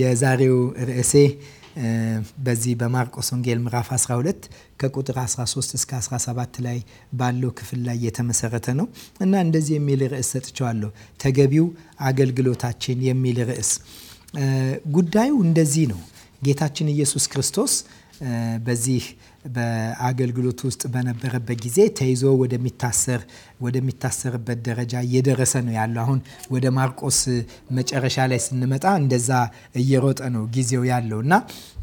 የዛሬው ርዕሴ በዚህ በማርቆስ ወንጌል ምዕራፍ 12 ከቁጥር 13 እስከ 17 ላይ ባለው ክፍል ላይ የተመሰረተ ነው እና እንደዚህ የሚል ርዕስ ሰጥቸዋለሁ። ተገቢው አገልግሎታችን የሚል ርዕስ። ጉዳዩ እንደዚህ ነው። ጌታችን ኢየሱስ ክርስቶስ በዚህ በአገልግሎት ውስጥ በነበረበት ጊዜ ተይዞ ወደሚታሰር ወደሚታሰርበት ደረጃ እየደረሰ ነው ያለው። አሁን ወደ ማርቆስ መጨረሻ ላይ ስንመጣ እንደዛ እየሮጠ ነው ጊዜው ያለው እና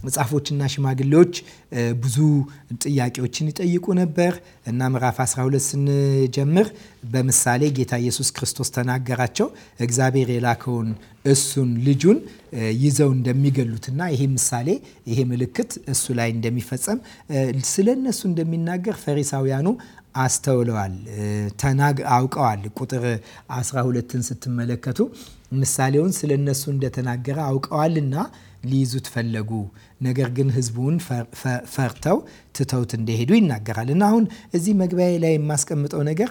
መጽሐፎችና ሽማግሌዎች ብዙ ጥያቄዎችን ይጠይቁ ነበር እና ምዕራፍ 12 ስንጀምር በምሳሌ ጌታ ኢየሱስ ክርስቶስ ተናገራቸው። እግዚአብሔር የላከውን እሱን ልጁን ይዘው እንደሚገሉትና ይሄ ምሳሌ ይሄ ምልክት እሱ ላይ እንደሚፈጸም ስለ እነሱ እንደሚናገር ፈሪሳውያኑ አስተውለዋል፣ ተናግ አውቀዋል። ቁጥር 12ን ስትመለከቱ ምሳሌውን ስለ እነሱ እንደተናገረ አውቀዋልና ሊይዙት ፈለጉ፣ ነገር ግን ህዝቡን ፈርተው ትተውት እንደሄዱ ይናገራል። እና አሁን እዚህ መግቢያ ላይ የማስቀምጠው ነገር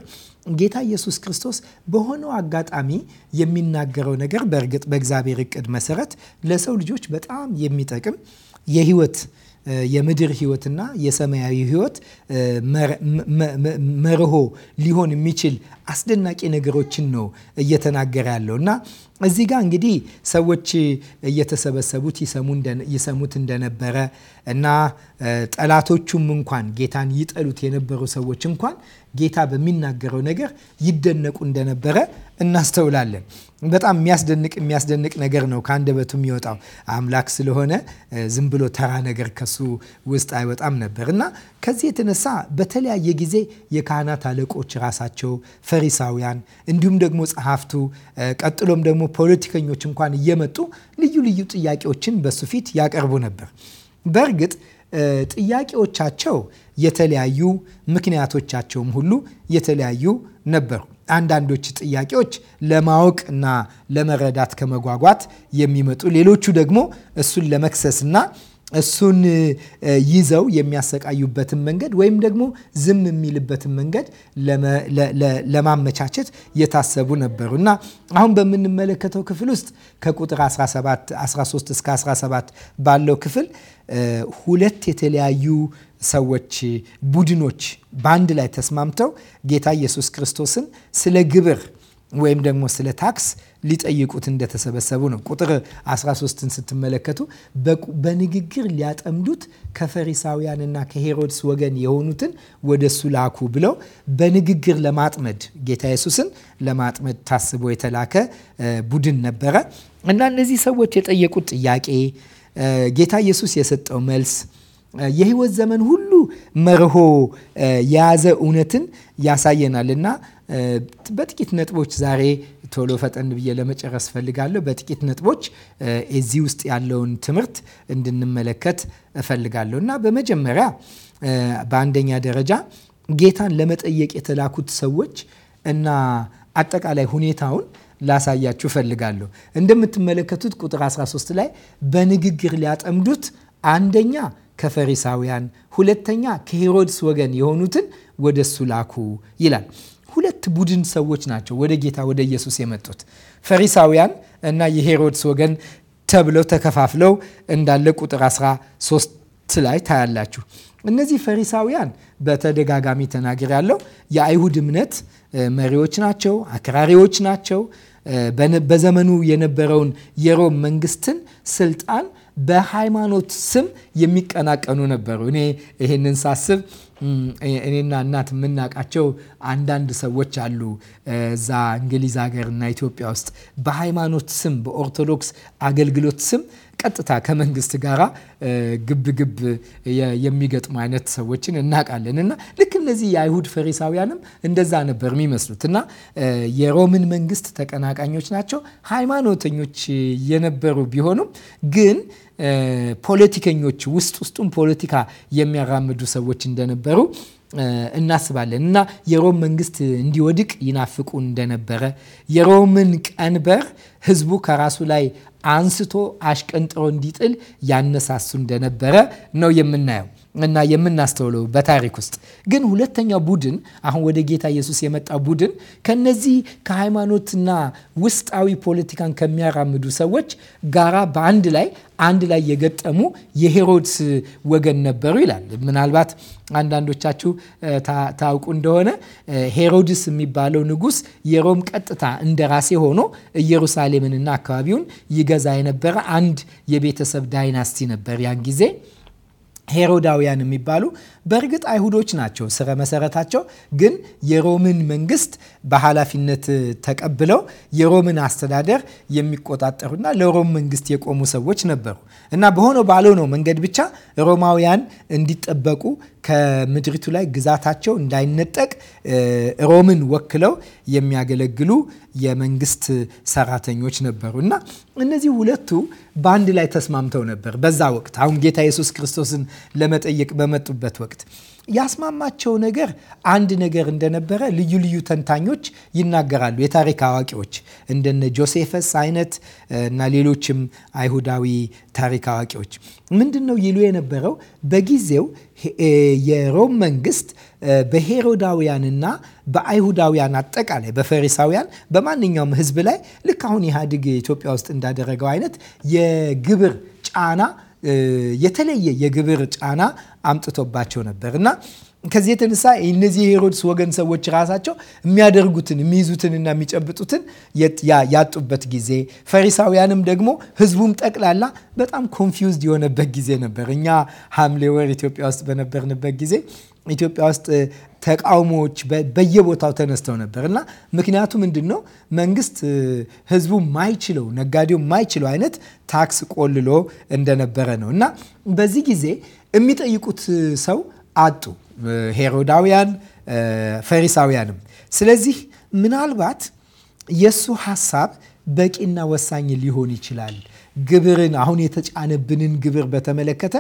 ጌታ ኢየሱስ ክርስቶስ በሆነው አጋጣሚ የሚናገረው ነገር በእርግጥ በእግዚአብሔር እቅድ መሰረት ለሰው ልጆች በጣም የሚጠቅም የህይወት የምድር ህይወትና የሰማያዊ ህይወት መርሆ ሊሆን የሚችል አስደናቂ ነገሮችን ነው እየተናገረ ያለው እና እዚህ ጋር እንግዲህ ሰዎች እየተሰበሰቡት ይሰሙት እንደነበረ እና ጠላቶቹም እንኳን ጌታን ይጠሉት የነበሩ ሰዎች እንኳን ጌታ በሚናገረው ነገር ይደነቁ እንደነበረ እናስተውላለን። በጣም የሚያስደንቅ የሚያስደንቅ ነገር ነው ከአንደበቱ የሚወጣው። አምላክ ስለሆነ ዝም ብሎ ተራ ነገር ከሱ ውስጥ አይወጣም ነበር እና ከዚህ የተነሳ በተለያየ ጊዜ የካህናት አለቆች ራሳቸው ፈሪሳውያን፣ እንዲሁም ደግሞ ጸሐፍቱ፣ ቀጥሎም ደግሞ ፖለቲከኞች እንኳን እየመጡ ልዩ ልዩ ጥያቄዎችን በሱ ፊት ያቀርቡ ነበር። በእርግጥ ጥያቄዎቻቸው የተለያዩ፣ ምክንያቶቻቸውም ሁሉ የተለያዩ ነበርኩ። አንዳንዶች ጥያቄዎች ለማወቅ እና ለመረዳት ከመጓጓት የሚመጡ ሌሎቹ ደግሞ እሱን ለመክሰስና እሱን ይዘው የሚያሰቃዩበትን መንገድ ወይም ደግሞ ዝም የሚልበትን መንገድ ለማመቻቸት የታሰቡ ነበሩ እና አሁን በምንመለከተው ክፍል ውስጥ ከቁጥር 17 13 እስከ 17 ባለው ክፍል ሁለት የተለያዩ ሰዎች ቡድኖች በአንድ ላይ ተስማምተው ጌታ ኢየሱስ ክርስቶስን ስለ ግብር ወይም ደግሞ ስለ ታክስ ሊጠይቁት እንደተሰበሰቡ ነው። ቁጥር 13ን ስትመለከቱ በንግግር ሊያጠምዱት ከፈሪሳውያንና ከሄሮድስ ወገን የሆኑትን ወደ እሱ ላኩ ብለው በንግግር ለማጥመድ ጌታ ኢየሱስን ለማጥመድ ታስቦ የተላከ ቡድን ነበረ እና እነዚህ ሰዎች የጠየቁት ጥያቄ ጌታ ኢየሱስ የሰጠው መልስ የህይወት ዘመን ሁሉ መርሆ የያዘ እውነትን ያሳየናል እና በጥቂት ነጥቦች ዛሬ ቶሎ ፈጠን ብዬ ለመጨረስ ፈልጋለሁ በጥቂት ነጥቦች እዚህ ውስጥ ያለውን ትምህርት እንድንመለከት እፈልጋለሁ እና በመጀመሪያ በአንደኛ ደረጃ ጌታን ለመጠየቅ የተላኩት ሰዎች እና አጠቃላይ ሁኔታውን ላሳያችሁ ፈልጋለሁ እንደምትመለከቱት ቁጥር 13 ላይ በንግግር ሊያጠምዱት አንደኛ ከፈሪሳውያን ሁለተኛ ከሄሮድስ ወገን የሆኑትን ወደ እሱ ላኩ ይላል። ሁለት ቡድን ሰዎች ናቸው ወደ ጌታ ወደ ኢየሱስ የመጡት ፈሪሳውያን እና የሄሮድስ ወገን ተብለው ተከፋፍለው እንዳለ ቁጥር 13 ላይ ታያላችሁ። እነዚህ ፈሪሳውያን በተደጋጋሚ ተናገር ያለው የአይሁድ እምነት መሪዎች ናቸው፣ አክራሪዎች ናቸው። በዘመኑ የነበረውን የሮም መንግስትን ስልጣን በሃይማኖት ስም የሚቀናቀኑ ነበሩ። እኔ ይህንን ሳስብ እኔና እናት የምናውቃቸው አንዳንድ ሰዎች አሉ እዛ እንግሊዝ ሀገር እና ኢትዮጵያ ውስጥ በሃይማኖት ስም በኦርቶዶክስ አገልግሎት ስም ቀጥታ ከመንግስት ጋራ ግብ ግብ የሚገጥሙ አይነት ሰዎችን እናውቃለን። እና ልክ እነዚህ የአይሁድ ፈሪሳውያንም እንደዛ ነበር የሚመስሉት እና የሮምን መንግስት ተቀናቃኞች ናቸው። ሃይማኖተኞች የነበሩ ቢሆኑም ግን ፖለቲከኞች ውስጥ ውስጡን ፖለቲካ የሚያራምዱ ሰዎች እንደነበሩ እናስባለን እና የሮም መንግስት እንዲወድቅ ይናፍቁ እንደነበረ የሮምን ቀንበር ህዝቡ ከራሱ ላይ አንስቶ አሽቀንጥሮ እንዲጥል ያነሳሱ እንደነበረ ነው የምናየው። እና የምናስተውለው በታሪክ ውስጥ ግን ሁለተኛው ቡድን አሁን ወደ ጌታ ኢየሱስ የመጣ ቡድን ከነዚህ ከሃይማኖትና ውስጣዊ ፖለቲካን ከሚያራምዱ ሰዎች ጋራ በአንድ ላይ አንድ ላይ የገጠሙ የሄሮድስ ወገን ነበሩ ይላል። ምናልባት አንዳንዶቻችሁ ታውቁ እንደሆነ ሄሮድስ የሚባለው ንጉስ የሮም ቀጥታ እንደራሴ ሆኖ ኢየሩሳሌምንና አካባቢውን ይገዛ የነበረ አንድ የቤተሰብ ዳይናስቲ ነበር ያን ጊዜ ሄሮዳውያን የሚባሉ በእርግጥ አይሁዶች ናቸው ስረ መሰረታቸው፣ ግን የሮምን መንግስት በኃላፊነት ተቀብለው የሮምን አስተዳደር የሚቆጣጠሩና ለሮም መንግስት የቆሙ ሰዎች ነበሩ እና በሆነ ባልሆነው መንገድ ብቻ ሮማውያን እንዲጠበቁ ከምድሪቱ ላይ ግዛታቸው እንዳይነጠቅ ሮምን ወክለው የሚያገለግሉ የመንግስት ሰራተኞች ነበሩ እና እነዚህ ሁለቱ በአንድ ላይ ተስማምተው ነበር። በዛ ወቅት አሁን ጌታ ኢየሱስ ክርስቶስን ለመጠየቅ በመጡበት ወቅት ያስማማቸው ነገር አንድ ነገር እንደነበረ ልዩ ልዩ ተንታኞች ይናገራሉ። የታሪክ አዋቂዎች እንደነ ጆሴፈስ አይነት እና ሌሎችም አይሁዳዊ ታሪክ አዋቂዎች ምንድን ነው ይሉ የነበረው በጊዜው የሮም መንግስት በሄሮዳውያንና በአይሁዳውያን አጠቃላይ በፈሪሳውያን በማንኛውም ህዝብ ላይ ልክ አሁን ኢህአዴግ ኢትዮጵያ ውስጥ እንዳደረገው አይነት የግብር ጫና የተለየ የግብር ጫና አምጥቶባቸው ነበር እና ከዚህ የተነሳ እነዚህ የሄሮድስ ወገን ሰዎች ራሳቸው የሚያደርጉትን የሚይዙትንና የሚጨብጡትን ያጡበት ጊዜ፣ ፈሪሳውያንም ደግሞ ህዝቡም ጠቅላላ በጣም ኮንፊውዝድ የሆነበት ጊዜ ነበር። እኛ ሐምሌ ወር ኢትዮጵያ ውስጥ በነበርንበት ጊዜ ኢትዮጵያ ውስጥ ተቃውሞዎች በየቦታው ተነስተው ነበር እና ምክንያቱ ምንድን ነው? መንግስት ህዝቡ ማይችለው ነጋዴው ማይችለው አይነት ታክስ ቆልሎ እንደነበረ ነው እና በዚህ ጊዜ የሚጠይቁት ሰው አጡ። ሄሮዳውያን፣ ፈሪሳውያንም። ስለዚህ ምናልባት የእሱ ሀሳብ በቂና ወሳኝ ሊሆን ይችላል ግብርን አሁን የተጫነብንን ግብር በተመለከተ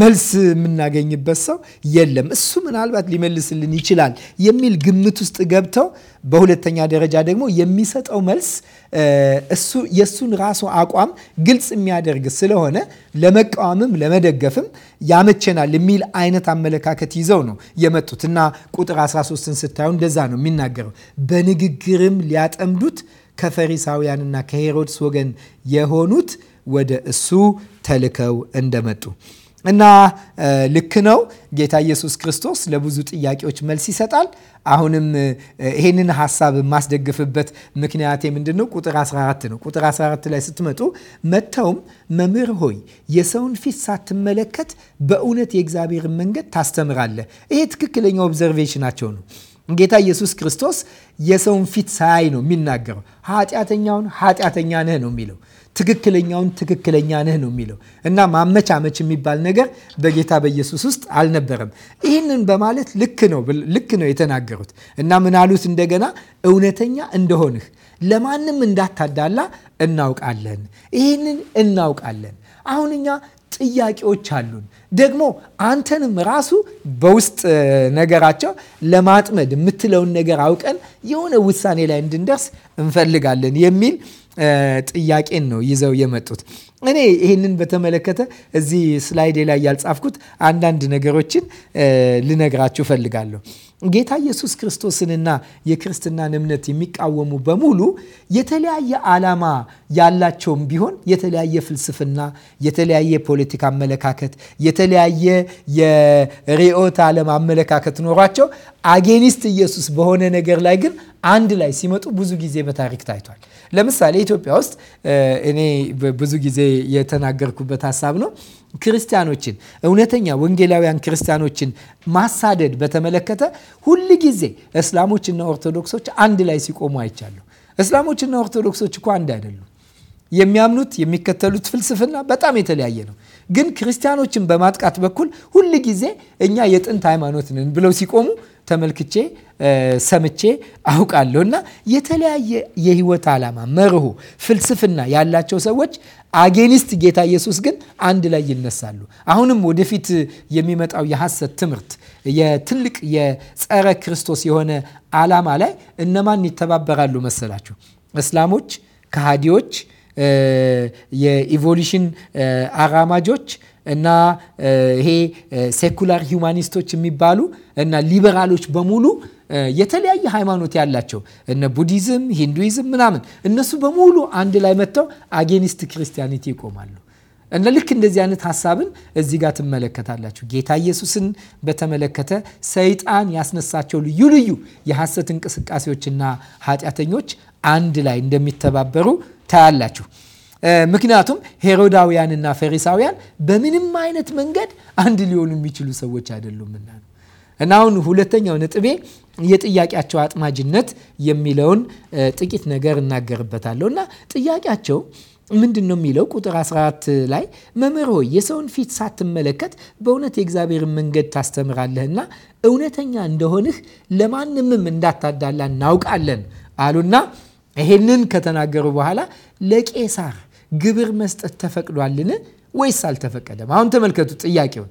መልስ የምናገኝበት ሰው የለም። እሱ ምናልባት ሊመልስልን ይችላል የሚል ግምት ውስጥ ገብተው፣ በሁለተኛ ደረጃ ደግሞ የሚሰጠው መልስ እሱ የእሱን ራሱ አቋም ግልጽ የሚያደርግ ስለሆነ ለመቃወምም ለመደገፍም ያመቸናል የሚል አይነት አመለካከት ይዘው ነው የመጡት እና ቁጥር 13ን ስታዩ እንደዛ ነው የሚናገረው በንግግርም ሊያጠምዱት ከፈሪሳውያንና ከሄሮድስ ወገን የሆኑት ወደ እሱ ተልከው እንደመጡ እና ልክ ነው። ጌታ ኢየሱስ ክርስቶስ ለብዙ ጥያቄዎች መልስ ይሰጣል። አሁንም ይህንን ሀሳብ የማስደግፍበት ምክንያት የምንድን ነው? ቁጥር 14 ነው። ቁጥር 14 ላይ ስትመጡ መጥተውም መምህር ሆይ የሰውን ፊት ሳትመለከት በእውነት የእግዚአብሔርን መንገድ ታስተምራለህ። ይሄ ትክክለኛ ኦብዘርቬሽናቸው ነው። ጌታ ኢየሱስ ክርስቶስ የሰውን ፊት ሳያይ ነው የሚናገረው። ኃጢአተኛውን ኃጢአተኛ ነህ ነው የሚለው ትክክለኛውን ትክክለኛ ነህ ነው የሚለው እና ማመቻመች የሚባል ነገር በጌታ በኢየሱስ ውስጥ አልነበረም። ይህንን በማለት ልክ ነው ልክ ነው የተናገሩት እና ምናሉት እንደገና እውነተኛ እንደሆንህ ለማንም እንዳታዳላ እናውቃለን። ይህንን እናውቃለን። አሁን እኛ ጥያቄዎች አሉን። ደግሞ አንተንም ራሱ በውስጥ ነገራቸው ለማጥመድ የምትለውን ነገር አውቀን የሆነ ውሳኔ ላይ እንድንደርስ እንፈልጋለን የሚል ጥያቄን ነው ይዘው የመጡት። እኔ ይህንን በተመለከተ እዚህ ስላይዴ ላይ ያልጻፍኩት አንዳንድ ነገሮችን ልነግራችሁ ፈልጋለሁ። ጌታ ኢየሱስ ክርስቶስንና የክርስትናን እምነት የሚቃወሙ በሙሉ የተለያየ ዓላማ ያላቸውም ቢሆን የተለያየ ፍልስፍና፣ የተለያየ ፖለቲካ አመለካከት፣ የተለያየ የርዕዮተ ዓለም አመለካከት ኖሯቸው አጌኒስት ኢየሱስ በሆነ ነገር ላይ ግን አንድ ላይ ሲመጡ ብዙ ጊዜ በታሪክ ታይቷል። ለምሳሌ ኢትዮጵያ ውስጥ እኔ ብዙ ጊዜ የተናገርኩበት ሀሳብ ነው። ክርስቲያኖችን እውነተኛ ወንጌላውያን ክርስቲያኖችን ማሳደድ በተመለከተ ሁል ጊዜ እስላሞችና ኦርቶዶክሶች አንድ ላይ ሲቆሙ አይቻለሁ። እስላሞችና ኦርቶዶክሶች እኮ አንድ አይደሉም። የሚያምኑት የሚከተሉት ፍልስፍና በጣም የተለያየ ነው። ግን ክርስቲያኖችን በማጥቃት በኩል ሁል ጊዜ እኛ የጥንት ሃይማኖት ነን ብለው ሲቆሙ ተመልክቼ ሰምቼ አውቃለሁ። እና የተለያየ የህይወት ዓላማ፣ መርሁ፣ ፍልስፍና ያላቸው ሰዎች አጌኒስት ጌታ ኢየሱስ ግን አንድ ላይ ይነሳሉ። አሁንም ወደፊት የሚመጣው የሐሰት ትምህርት የትልቅ የጸረ ክርስቶስ የሆነ ዓላማ ላይ እነማን ይተባበራሉ መሰላችሁ? እስላሞች፣ ከሃዲዎች፣ የኢቮሉሽን አራማጆች እና ይሄ ሴኩላር ሂውማኒስቶች የሚባሉ እና ሊበራሎች በሙሉ የተለያየ ሃይማኖት ያላቸው እነ ቡዲዝም፣ ሂንዱይዝም ምናምን እነሱ በሙሉ አንድ ላይ መጥተው አጌኒስት ክርስቲያኒቲ ይቆማሉ። እና ልክ እንደዚህ አይነት ሀሳብን እዚህ ጋር ትመለከታላችሁ። ጌታ ኢየሱስን በተመለከተ ሰይጣን ያስነሳቸው ልዩ ልዩ የሐሰት እንቅስቃሴዎችና ኃጢአተኞች አንድ ላይ እንደሚተባበሩ ታያላችሁ። ምክንያቱም ሄሮዳውያንና ፈሪሳውያን በምንም አይነት መንገድ አንድ ሊሆኑ የሚችሉ ሰዎች አይደሉምና ነው። እና አሁን ሁለተኛው ነጥቤ የጥያቄያቸው አጥማጅነት የሚለውን ጥቂት ነገር እናገርበታለሁ። እና ጥያቄያቸው ምንድን ነው የሚለው ቁጥር 14 ላይ መምህር ሆይ የሰውን ፊት ሳትመለከት በእውነት የእግዚአብሔርን መንገድ ታስተምራለህና እውነተኛ እንደሆንህ ለማንምም እንዳታዳላ እናውቃለን አሉና ይሄንን ከተናገሩ በኋላ ለቄሳር ግብር መስጠት ተፈቅዷልን ወይስ አልተፈቀደም? አሁን ተመልከቱ ጥያቄውን።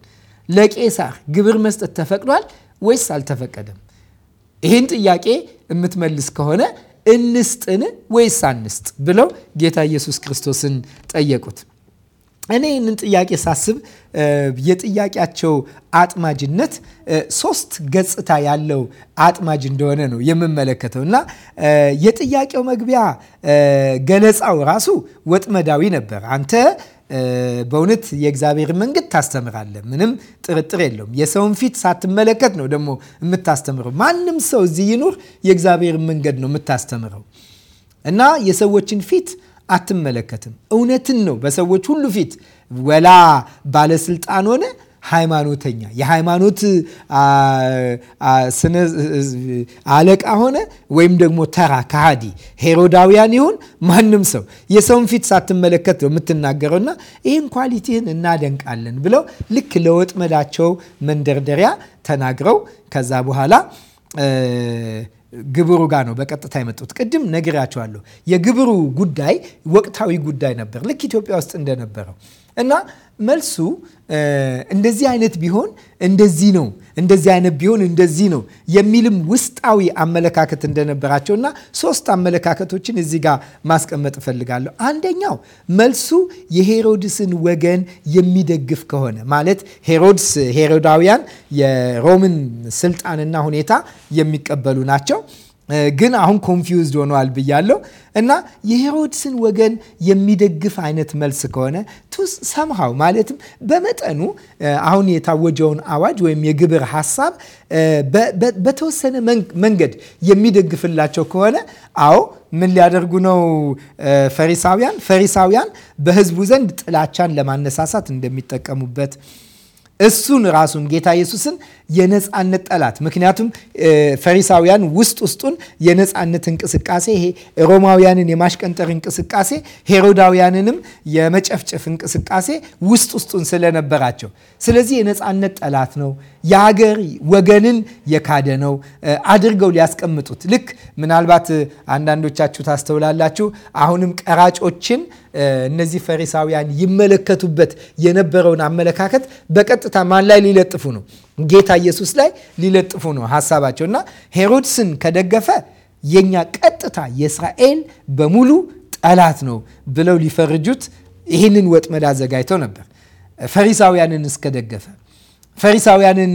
ለቄሳር ግብር መስጠት ተፈቅዷል ወይስ አልተፈቀደም? ይህን ጥያቄ የምትመልስ ከሆነ እንስጥን ወይስ አንስጥ ብለው ጌታ ኢየሱስ ክርስቶስን ጠየቁት። እኔ ይህንን ጥያቄ ሳስብ የጥያቄያቸው አጥማጅነት ሶስት ገጽታ ያለው አጥማጅ እንደሆነ ነው የምመለከተው እና የጥያቄው መግቢያ ገለጻው ራሱ ወጥመዳዊ ነበር። አንተ በእውነት የእግዚአብሔርን መንገድ ታስተምራለህ፣ ምንም ጥርጥር የለውም። የሰውን ፊት ሳትመለከት ነው ደግሞ የምታስተምረው። ማንም ሰው እዚህ ይኑር፣ የእግዚአብሔር መንገድ ነው የምታስተምረው እና የሰዎችን ፊት አትመለከትም። እውነትን ነው በሰዎች ሁሉ ፊት ወላ ባለስልጣን ሆነ ሃይማኖተኛ የሃይማኖት አለቃ ሆነ ወይም ደግሞ ተራ ከሃዲ ሄሮዳውያን ይሁን ማንም ሰው የሰውን ፊት ሳትመለከት ነው የምትናገረውና ይህን ኳሊቲህን እናደንቃለን ብለው ልክ ለወጥመዳቸው መንደርደሪያ ተናግረው ከዛ በኋላ ግብሩ ጋር ነው በቀጥታ የመጡት። ቅድም ነግራቸዋለሁ። የግብሩ ጉዳይ ወቅታዊ ጉዳይ ነበር፣ ልክ ኢትዮጵያ ውስጥ እንደነበረው እና መልሱ እንደዚህ አይነት ቢሆን እንደዚህ ነው፣ እንደዚህ አይነት ቢሆን እንደዚህ ነው የሚልም ውስጣዊ አመለካከት እንደነበራቸው እና ሶስት አመለካከቶችን እዚህ ጋር ማስቀመጥ እፈልጋለሁ። አንደኛው መልሱ የሄሮድስን ወገን የሚደግፍ ከሆነ ማለት ሄሮድስ ሄሮዳውያን የሮምን ስልጣንና ሁኔታ የሚቀበሉ ናቸው። ግን አሁን ኮንፊውዝድ ሆነዋል ብያለሁ እና የሄሮድስን ወገን የሚደግፍ አይነት መልስ ከሆነ ቱስ ሰምሃው ማለትም በመጠኑ አሁን የታወጀውን አዋጅ ወይም የግብር ሀሳብ በተወሰነ መንገድ የሚደግፍላቸው ከሆነ አዎ ምን ሊያደርጉ ነው ፈሪሳውያን? ፈሪሳውያን በህዝቡ ዘንድ ጥላቻን ለማነሳሳት እንደሚጠቀሙበት እሱን ራሱን ጌታ ኢየሱስን የነፃነት ጠላት። ምክንያቱም ፈሪሳውያን ውስጥ ውስጡን የነፃነት እንቅስቃሴ ይሄ ሮማውያንን የማሽቀንጠር እንቅስቃሴ፣ ሄሮዳውያንንም የመጨፍጨፍ እንቅስቃሴ ውስጥ ውስጡን ስለነበራቸው ስለዚህ የነፃነት ጠላት ነው የሀገር ወገንን የካደ ነው አድርገው ሊያስቀምጡት ልክ ምናልባት አንዳንዶቻችሁ ታስተውላላችሁ። አሁንም ቀራጮችን እነዚህ ፈሪሳውያን ይመለከቱበት የነበረውን አመለካከት በቀጥታ ማን ላይ ሊለጥፉ ነው? ጌታ ኢየሱስ ላይ ሊለጥፉ ነው ሀሳባቸው እና ሄሮድስን ከደገፈ የኛ ቀጥታ የእስራኤል በሙሉ ጠላት ነው ብለው ሊፈርጁት ይህንን ወጥመድ አዘጋጅተው ነበር። ፈሪሳውያንን እስከደገፈ ፈሪሳውያንን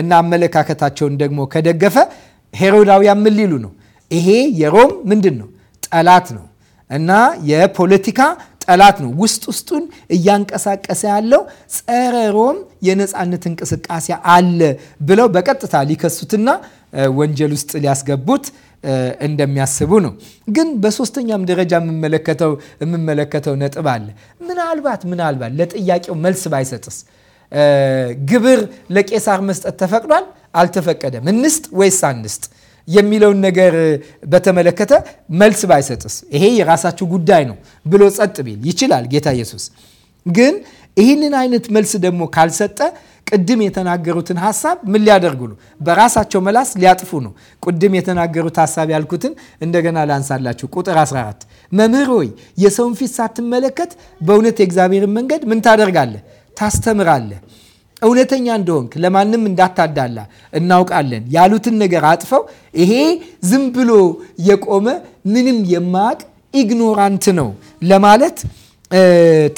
እና አመለካከታቸውን ደግሞ ከደገፈ ሄሮዳውያን ምን ሊሉ ነው? ይሄ የሮም ምንድን ነው ጠላት ነው እና የፖለቲካ ጠላት ነው። ውስጥ ውስጡን እያንቀሳቀሰ ያለው ጸረ ሮም የነፃነት እንቅስቃሴ አለ ብለው በቀጥታ ሊከሱትና ወንጀል ውስጥ ሊያስገቡት እንደሚያስቡ ነው። ግን በሶስተኛም ደረጃ የምመለከተው ነጥብ አለ። ምናልባት ምናልባት ለጥያቄው መልስ ባይሰጥስ ግብር ለቄሳር መስጠት ተፈቅዷል አልተፈቀደም፣ እንስጥ ወይስ አንስጥ የሚለውን ነገር በተመለከተ መልስ ባይሰጥስ ይሄ የራሳችሁ ጉዳይ ነው ብሎ ጸጥ ቢል ይችላል ጌታ ኢየሱስ። ግን ይህንን አይነት መልስ ደግሞ ካልሰጠ ቅድም የተናገሩትን ሀሳብ ምን ሊያደርጉ ነው? በራሳቸው መላስ ሊያጥፉ ነው። ቅድም የተናገሩት ሀሳብ ያልኩትን እንደገና ላንሳላችሁ። ቁጥር 14 መምህር ሆይ የሰውን ፊት ሳትመለከት በእውነት የእግዚአብሔርን መንገድ ምን ታደርጋለህ ታስተምራለህ እውነተኛ እንደሆንክ ለማንም እንዳታዳላ እናውቃለን ያሉትን ነገር አጥፈው ይሄ ዝም ብሎ የቆመ ምንም የማያውቅ ኢግኖራንት ነው ለማለት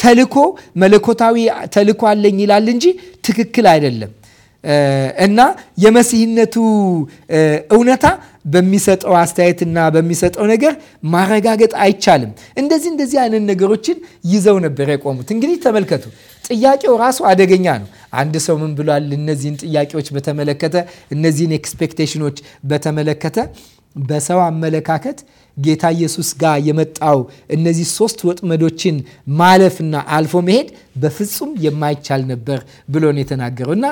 ተልኮ መለኮታዊ ተልኮ አለኝ ይላል እንጂ ትክክል አይደለም እና የመሲህነቱ እውነታ በሚሰጠው አስተያየትና በሚሰጠው ነገር ማረጋገጥ አይቻልም። እንደዚህ እንደዚህ አይነት ነገሮችን ይዘው ነበር የቆሙት። እንግዲህ ተመልከቱ፣ ጥያቄው ራሱ አደገኛ ነው። አንድ ሰው ምን ብሏል? እነዚህን ጥያቄዎች በተመለከተ እነዚህን ኤክስፔክቴሽኖች በተመለከተ በሰው አመለካከት ጌታ ኢየሱስ ጋር የመጣው እነዚህ ሶስት ወጥመዶችን ማለፍና አልፎ መሄድ በፍጹም የማይቻል ነበር ብሎ ነው የተናገረው እና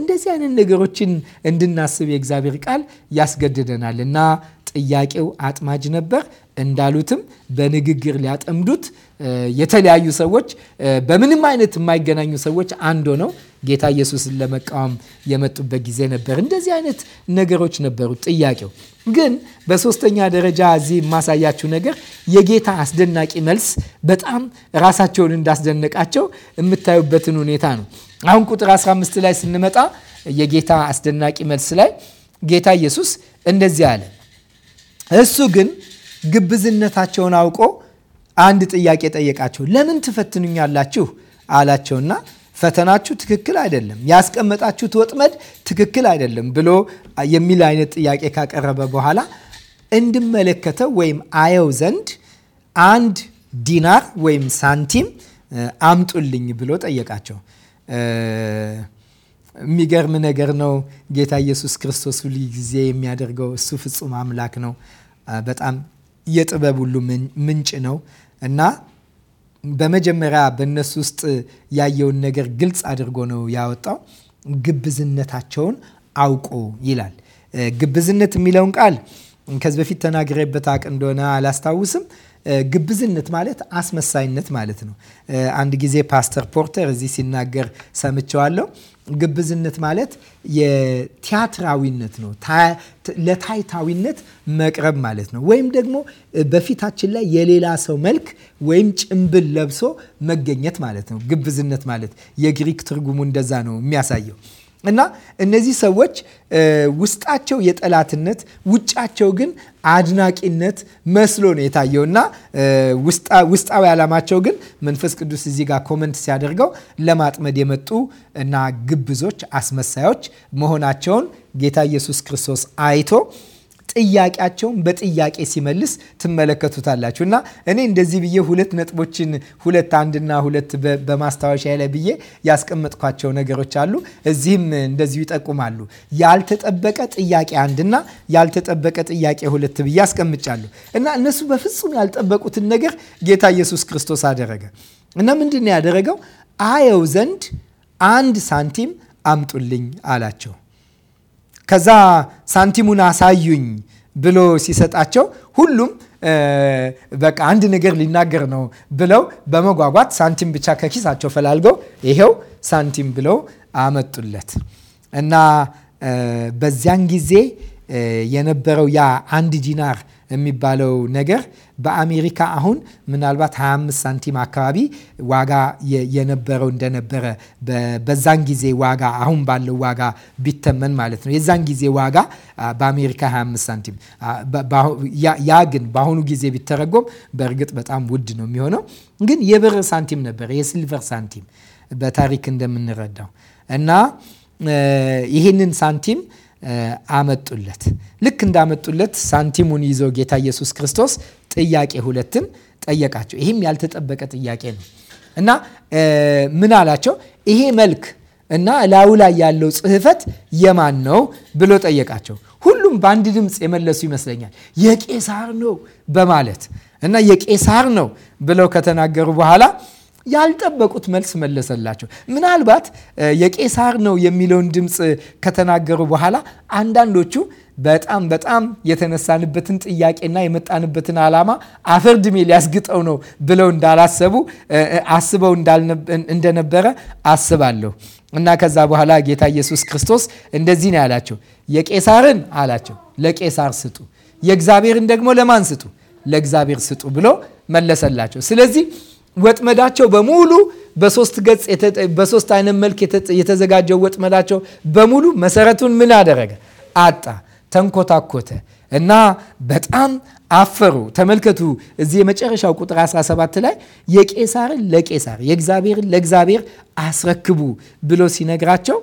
እንደዚህ አይነት ነገሮችን እንድናስብ የእግዚአብሔር ቃል ያስገድደናል እና ጥያቄው አጥማጅ ነበር። እንዳሉትም በንግግር ሊያጠምዱት የተለያዩ ሰዎች በምንም አይነት የማይገናኙ ሰዎች አንድ ሆነው ጌታ ኢየሱስን ለመቃወም የመጡበት ጊዜ ነበር። እንደዚህ አይነት ነገሮች ነበሩ። ጥያቄው ግን በሶስተኛ ደረጃ እዚህ የማሳያችሁ ነገር የጌታ አስደናቂ መልስ በጣም ራሳቸውን እንዳስደነቃቸው የምታዩበትን ሁኔታ ነው። አሁን ቁጥር 15 ላይ ስንመጣ የጌታ አስደናቂ መልስ ላይ ጌታ ኢየሱስ እንደዚህ አለ። እሱ ግን ግብዝነታቸውን አውቆ አንድ ጥያቄ ጠየቃቸው። ለምን ትፈትኑኛላችሁ አላቸውና ፈተናችሁ ትክክል አይደለም፣ ያስቀመጣችሁት ወጥመድ ትክክል አይደለም ብሎ የሚል አይነት ጥያቄ ካቀረበ በኋላ እንድመለከተው ወይም አየው ዘንድ አንድ ዲናር ወይም ሳንቲም አምጡልኝ ብሎ ጠየቃቸው። የሚገርም ነገር ነው። ጌታ ኢየሱስ ክርስቶስ ሁል ጊዜ የሚያደርገው እሱ ፍጹም አምላክ ነው። በጣም የጥበብ ሁሉ ምንጭ ነው እና በመጀመሪያ በእነሱ ውስጥ ያየውን ነገር ግልጽ አድርጎ ነው ያወጣው። ግብዝነታቸውን አውቆ ይላል። ግብዝነት የሚለውን ቃል ከዚህ በፊት ተናግሬበት አቅ እንደሆነ አላስታውስም። ግብዝነት ማለት አስመሳይነት ማለት ነው። አንድ ጊዜ ፓስተር ፖርተር እዚህ ሲናገር ሰምቸዋለሁ። ግብዝነት ማለት የቲያትራዊነት ነው። ለታይታዊነት መቅረብ ማለት ነው። ወይም ደግሞ በፊታችን ላይ የሌላ ሰው መልክ ወይም ጭንብል ለብሶ መገኘት ማለት ነው። ግብዝነት ማለት የግሪክ ትርጉሙ እንደዛ ነው የሚያሳየው እና እነዚህ ሰዎች ውስጣቸው የጠላትነት ውጫቸው ግን አድናቂነት መስሎ ነው የታየው እና ውስጣዊ ዓላማቸው ግን መንፈስ ቅዱስ እዚህ ጋር ኮመንት ሲያደርገው ለማጥመድ የመጡ እና ግብዞች አስመሳዮች መሆናቸውን ጌታ ኢየሱስ ክርስቶስ አይቶ ጥያቄያቸውን በጥያቄ ሲመልስ ትመለከቱታላችሁ። እና እኔ እንደዚህ ብዬ ሁለት ነጥቦችን ሁለት አንድና ሁለት በማስታወሻ ላይ ብዬ ያስቀመጥኳቸው ነገሮች አሉ። እዚህም እንደዚሁ ይጠቁማሉ። ያልተጠበቀ ጥያቄ አንድና ያልተጠበቀ ጥያቄ ሁለት ብዬ አስቀምጫለሁ። እና እነሱ በፍጹም ያልጠበቁትን ነገር ጌታ ኢየሱስ ክርስቶስ አደረገ። እና ምንድን ነው ያደረገው? አየው ዘንድ አንድ ሳንቲም አምጡልኝ አላቸው። ከዛ ሳንቲሙን አሳዩኝ ብሎ ሲሰጣቸው ሁሉም በቃ አንድ ነገር ሊናገር ነው ብለው በመጓጓት ሳንቲም ብቻ ከኪሳቸው ፈላልገው ይሄው ሳንቲም ብለው አመጡለት እና በዚያን ጊዜ የነበረው ያ አንድ ዲናር የሚባለው ነገር በአሜሪካ አሁን ምናልባት 25 ሳንቲም አካባቢ ዋጋ የነበረው እንደነበረ በዛን ጊዜ ዋጋ አሁን ባለው ዋጋ ቢተመን ማለት ነው። የዛን ጊዜ ዋጋ በአሜሪካ 25 ሳንቲም፣ ያ ግን በአሁኑ ጊዜ ቢተረጎም በእርግጥ በጣም ውድ ነው የሚሆነው። ግን የብር ሳንቲም ነበረ፣ የሲልቨር ሳንቲም በታሪክ እንደምንረዳው እና ይህንን ሳንቲም አመጡለት። ልክ እንዳመጡለት ሳንቲሙን ይዘው ጌታ ኢየሱስ ክርስቶስ ጥያቄ ሁለትን ጠየቃቸው። ይህም ያልተጠበቀ ጥያቄ ነው እና ምን አላቸው? ይሄ መልክ እና ላዩ ላይ ያለው ጽሕፈት የማን ነው ብሎ ጠየቃቸው። ሁሉም በአንድ ድምፅ የመለሱ ይመስለኛል የቄሳር ነው በማለት እና የቄሳር ነው ብለው ከተናገሩ በኋላ ያልጠበቁት መልስ መለሰላቸው። ምናልባት የቄሳር ነው የሚለውን ድምፅ ከተናገሩ በኋላ አንዳንዶቹ በጣም በጣም የተነሳንበትን ጥያቄና የመጣንበትን ዓላማ አፈር ድሜ ሊያስግጠው ነው ብለው እንዳላሰቡ አስበው እንደነበረ አስባለሁ እና ከዛ በኋላ ጌታ ኢየሱስ ክርስቶስ እንደዚህ ነው ያላቸው። የቄሳርን አላቸው ለቄሳር ስጡ፣ የእግዚአብሔርን ደግሞ ለማን ስጡ? ለእግዚአብሔር ስጡ ብሎ መለሰላቸው። ስለዚህ ወጥመዳቸው በሙሉ በሶስት ገጽ በሶስት አይነት መልክ የተዘጋጀው ወጥመዳቸው በሙሉ መሰረቱን ምን አደረገ? አጣ፣ ተንኮታኮተ እና በጣም አፈሩ። ተመልከቱ እዚህ የመጨረሻው ቁጥር 17 ላይ የቄሳርን ለቄሳር የእግዚአብሔርን ለእግዚአብሔር አስረክቡ ብሎ ሲነግራቸው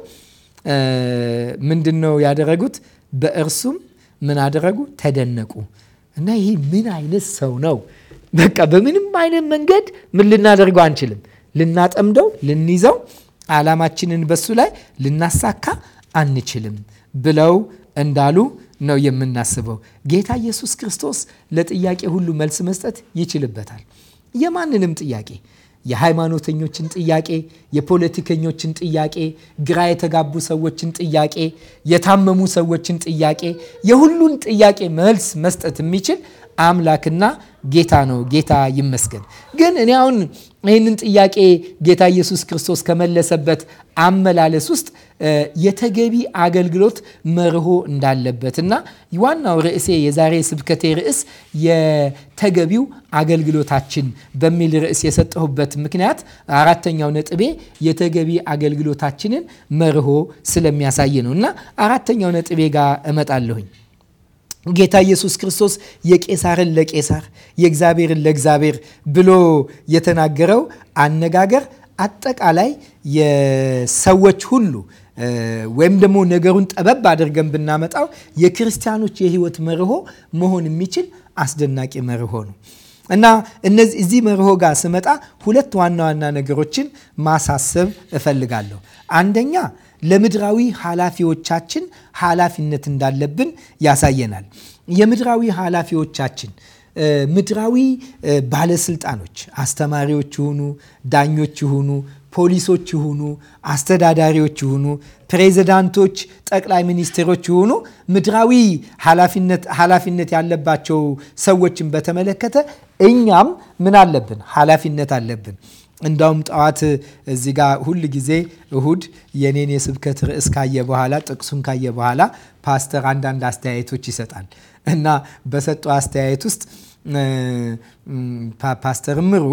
ምንድን ነው ያደረጉት? በእርሱም ምን አደረጉ? ተደነቁ እና ይህ ምን አይነት ሰው ነው በቃ በምንም አይነት መንገድ ምን ልናደርገው አንችልም። ልናጠምደው፣ ልንይዘው፣ አላማችንን በሱ ላይ ልናሳካ አንችልም ብለው እንዳሉ ነው የምናስበው። ጌታ ኢየሱስ ክርስቶስ ለጥያቄ ሁሉ መልስ መስጠት ይችልበታል። የማንንም ጥያቄ የሃይማኖተኞችን ጥያቄ፣ የፖለቲከኞችን ጥያቄ፣ ግራ የተጋቡ ሰዎችን ጥያቄ፣ የታመሙ ሰዎችን ጥያቄ፣ የሁሉን ጥያቄ መልስ መስጠት የሚችል አምላክና ጌታ ነው። ጌታ ይመስገን። ግን እኔ አሁን ይህንን ጥያቄ ጌታ ኢየሱስ ክርስቶስ ከመለሰበት አመላለስ ውስጥ የተገቢ አገልግሎት መርሆ እንዳለበት እና ዋናው ርዕሴ የዛሬ ስብከቴ ርዕስ የተገቢው አገልግሎታችን በሚል ርዕስ የሰጠሁበት ምክንያት አራተኛው ነጥቤ የተገቢ አገልግሎታችንን መርሆ ስለሚያሳይ ነው እና አራተኛው ነጥቤ ጋር እመጣለሁኝ። ጌታ ኢየሱስ ክርስቶስ የቄሳርን ለቄሳር የእግዚአብሔርን ለእግዚአብሔር ብሎ የተናገረው አነጋገር አጠቃላይ የሰዎች ሁሉ ወይም ደግሞ ነገሩን ጠበብ አድርገን ብናመጣው የክርስቲያኖች የህይወት መርሆ መሆን የሚችል አስደናቂ መርሆ ነው እና እነዚህ እዚህ መርሆ ጋር ስመጣ ሁለት ዋና ዋና ነገሮችን ማሳሰብ እፈልጋለሁ። አንደኛ ለምድራዊ ኃላፊዎቻችን ኃላፊነት እንዳለብን ያሳየናል። የምድራዊ ኃላፊዎቻችን ምድራዊ ባለስልጣኖች፣ አስተማሪዎች ይሁኑ፣ ዳኞች ይሁኑ፣ ፖሊሶች ይሁኑ፣ አስተዳዳሪዎች ይሁኑ፣ ፕሬዚዳንቶች፣ ጠቅላይ ሚኒስትሮች ይሁኑ ምድራዊ ኃላፊነት ያለባቸው ሰዎችን በተመለከተ እኛም ምን አለብን? ኃላፊነት አለብን። እንዳውም ጠዋት እዚህ ጋር ሁል ጊዜ እሁድ የኔን የስብከት ርዕስ ካየ በኋላ ጥቅሱን ካየ በኋላ ፓስተር አንዳንድ አስተያየቶች ይሰጣል እና በሰጠው አስተያየት ውስጥ ፓስተር ምሩ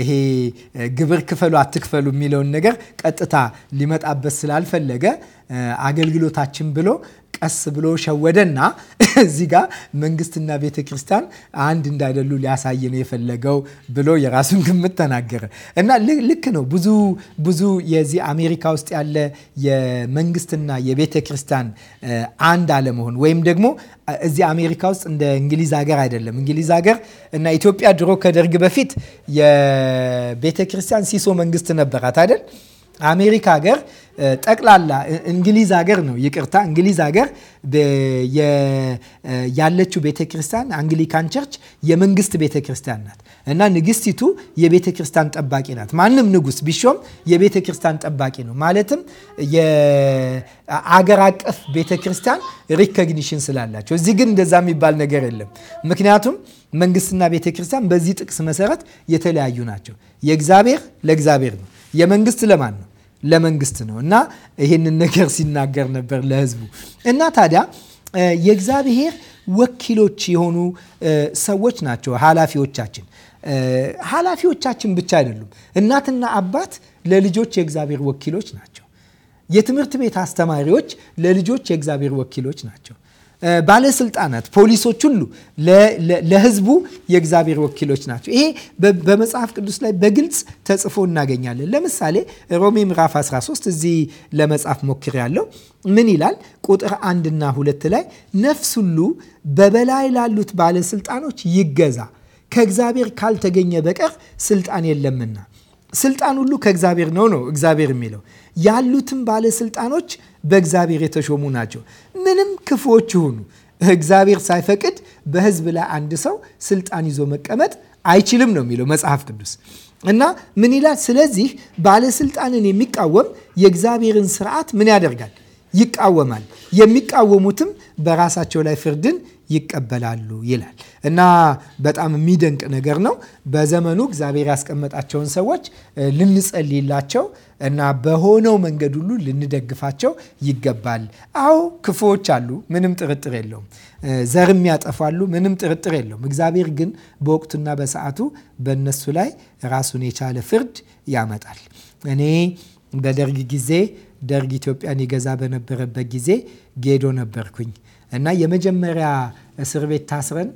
ይሄ ግብር ክፈሉ አትክፈሉ የሚለውን ነገር ቀጥታ ሊመጣበት ስላልፈለገ አገልግሎታችን ብሎ ቀስ ብሎ ሸወደና እዚህ ጋር መንግስትና ቤተ ክርስቲያን አንድ እንዳይደሉ ሊያሳይ ነው የፈለገው ብሎ የራሱን ግምት ተናገረ እና ልክ ነው። ብዙ ብዙ የዚህ አሜሪካ ውስጥ ያለ የመንግስትና የቤተ ክርስቲያን አንድ አለመሆን ወይም ደግሞ እዚህ አሜሪካ ውስጥ እንደ እንግሊዝ ሀገር አይደለም። እንግሊዝ ሀገር ሀገር እና ኢትዮጵያ ድሮ ከደርግ በፊት የቤተ ክርስቲያን ሲሶ መንግስት ነበራት አይደል? አሜሪካ ሀገር ጠቅላላ እንግሊዝ ሀገር ነው ይቅርታ፣ እንግሊዝ ሀገር ያለችው ቤተ ክርስቲያን አንግሊካን ቸርች የመንግስት ቤተ ክርስቲያን ናት እና ንግስቲቱ የቤተ ክርስቲያን ጠባቂ ናት። ማንም ንጉስ ቢሾም የቤተ ክርስቲያን ጠባቂ ነው። ማለትም የአገር አቀፍ ቤተ ክርስቲያን ሪኮግኒሽን ስላላቸው። እዚህ ግን እንደዛ የሚባል ነገር የለም። ምክንያቱም መንግስትና ቤተ ክርስቲያን በዚህ ጥቅስ መሰረት የተለያዩ ናቸው። የእግዚአብሔር ለእግዚአብሔር ነው። የመንግስት ለማን ነው? ለመንግስት ነው። እና ይህንን ነገር ሲናገር ነበር ለህዝቡ። እና ታዲያ የእግዚአብሔር ወኪሎች የሆኑ ሰዎች ናቸው ኃላፊዎቻችን። ኃላፊዎቻችን ብቻ አይደሉም። እናትና አባት ለልጆች የእግዚአብሔር ወኪሎች ናቸው። የትምህርት ቤት አስተማሪዎች ለልጆች የእግዚአብሔር ወኪሎች ናቸው። ባለስልጣናት፣ ፖሊሶች ሁሉ ለህዝቡ የእግዚአብሔር ወኪሎች ናቸው። ይሄ በመጽሐፍ ቅዱስ ላይ በግልጽ ተጽፎ እናገኛለን። ለምሳሌ ሮሜ ምዕራፍ 13 እዚህ ለመጻፍ ያለው ምን ይላል? ቁጥር አንድና ሁለት ላይ ነፍስ ሁሉ በበላይ ላሉት ባለስልጣኖች ይገዛ፣ ከእግዚአብሔር ካልተገኘ በቀር ስልጣን የለምና። ስልጣን ሁሉ ከእግዚአብሔር ነው ነው እግዚአብሔር የሚለው ያሉትም ባለስልጣኖች በእግዚአብሔር የተሾሙ ናቸው። ምንም ክፉዎች ይሁኑ እግዚአብሔር ሳይፈቅድ በህዝብ ላይ አንድ ሰው ስልጣን ይዞ መቀመጥ አይችልም ነው የሚለው መጽሐፍ ቅዱስ እና ምን ይላል? ስለዚህ ባለስልጣንን የሚቃወም የእግዚአብሔርን ስርዓት ምን ያደርጋል? ይቃወማል። የሚቃወሙትም በራሳቸው ላይ ፍርድን ይቀበላሉ ይላል። እና በጣም የሚደንቅ ነገር ነው። በዘመኑ እግዚአብሔር ያስቀመጣቸውን ሰዎች ልንጸልይላቸው እና በሆነው መንገድ ሁሉ ልንደግፋቸው ይገባል። አዎ ክፉዎች አሉ፣ ምንም ጥርጥር የለውም። ዘርም ያጠፋሉ፣ ምንም ጥርጥር የለውም። እግዚአብሔር ግን በወቅቱና በሰዓቱ በእነሱ ላይ ራሱን የቻለ ፍርድ ያመጣል። እኔ በደርግ ጊዜ ደርግ ኢትዮጵያን ይገዛ በነበረበት ጊዜ ጌዶ ነበርኩኝ እና የመጀመሪያ እስር ቤት ታስረን